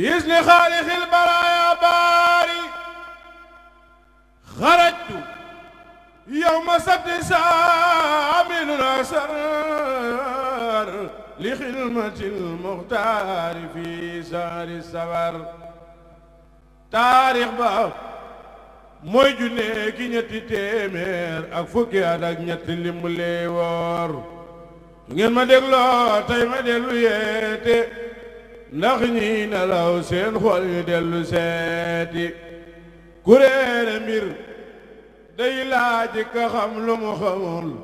بإذن خالق البرايا باري خرجت يوم سبت ساعة من الأسرار لخدمة المختار في سهر السفر تاريخ باب موي جوني كي نيتي تيمير اك فوكي اداك نيت لي مولي وور ما ديغلو تاي ما ديلو ييتي نغنينا لوسين خالد اللوساتي كرير امير ديلا جيكا خملو مخمول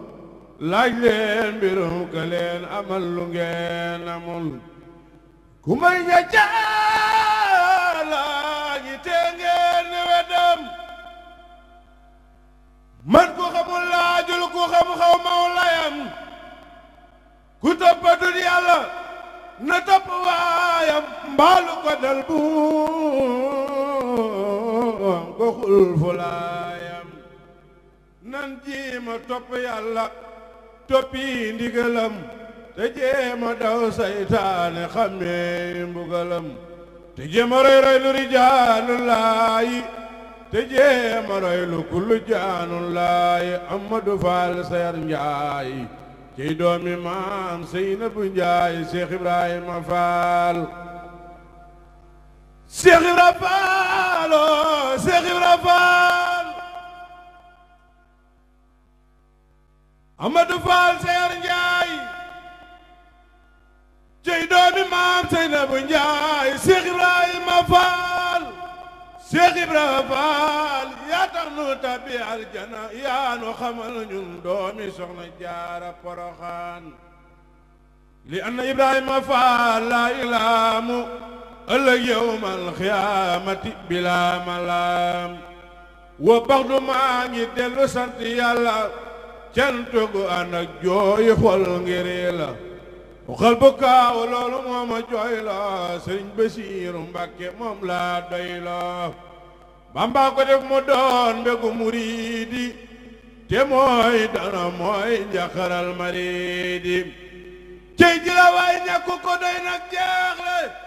لاجلين بيرو كلين امال لونجين امول كما يجا لا يتنجين ودم من كو خمول لا جل كو خم خو مولايام كتب الدنيا لا نتبوا mbaalu ko dal buum ko xul fulaayam nan jéema topp yàlla toppi ndigalam te jéema daw saytaane xamee mbugalam te jéema roy roy lu rijaalu laayi te jéema roy lu kullu jaanu laayi Faal sayar njaay ciy doomi maam Seynabu njaay Seex Ibrahima Faal Cheikh Ibra Fall oh Cheikh Ibra Fall Amadou Fall Seer Njaay cey doomi maam Seynabu Njaay Cheikh Ibrahima Fall Cheikh Ibra Fall yaa tax nu tabbi aljana yaa nu xamal ñun doomi soxna jaara Poroxaan li anna Ibrahima Fall la ilaamu ëllëg yawmal xiyaamati bilaa wa baxdu maa ngi dellu sant yàlla cantu gu ànd ak jooyi xol ngir la xol bu loolu moom a jooy la Basiiru Mbàkke moom laa doy la ko def mu doon mbegu muriidi te mooy dana mooy njaxaral mariidi cey ji la waay ñàkk ko doy nag jeex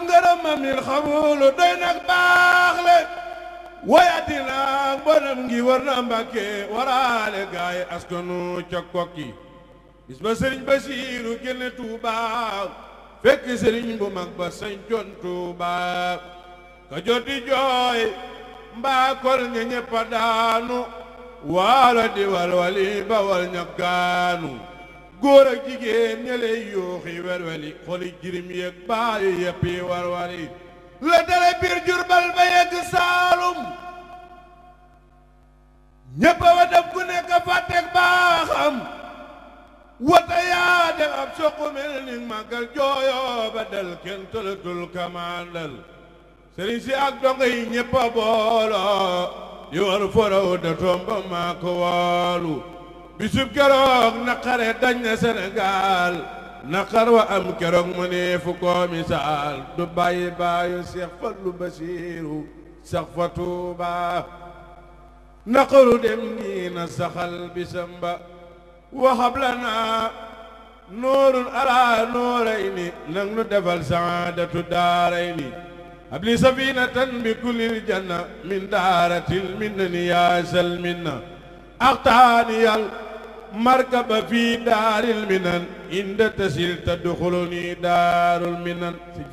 am ngërëmam lil xamulu doy nag baax le wayati laak bonam ngi war na mbàkke waraale gaay askanu ca kokki bis ba sëriñ Basiiru génne Tuuba fekk sëriñ bu mag ba sañcoon Tuuba ka joti jooy mbaa kol ña daanu waalo di walwali bawal ña gaanu góor jigéen ñeley yooxi werweli xoli jirim yeeg baayu yëpp yi warwali la dale biir jurbal ba yegg saalum ñëpp a wadab ku nekk fàttek baaxam wata yaa def ab soqu mel ni màggal jooyo ba del kenn tëlatul kamaandal sëriñ si ak dongo yi ñëpp boolo yu war forow da tomba maa ko بيسب كروغ نقر دنيا سنغال نقر وام كروغ مني فوكو مثال دبي باي شيخ فلو بشير شيخ فتوبا نقر دمنا سخل بسمبا وحبلنا نور على نورين نغن دفل سعادة دارين أبلي سفينة بكل الجنة من دارة المنن يا سلمنا أقطعني مركب في دار المنن إن تسل تدخلني دار المنن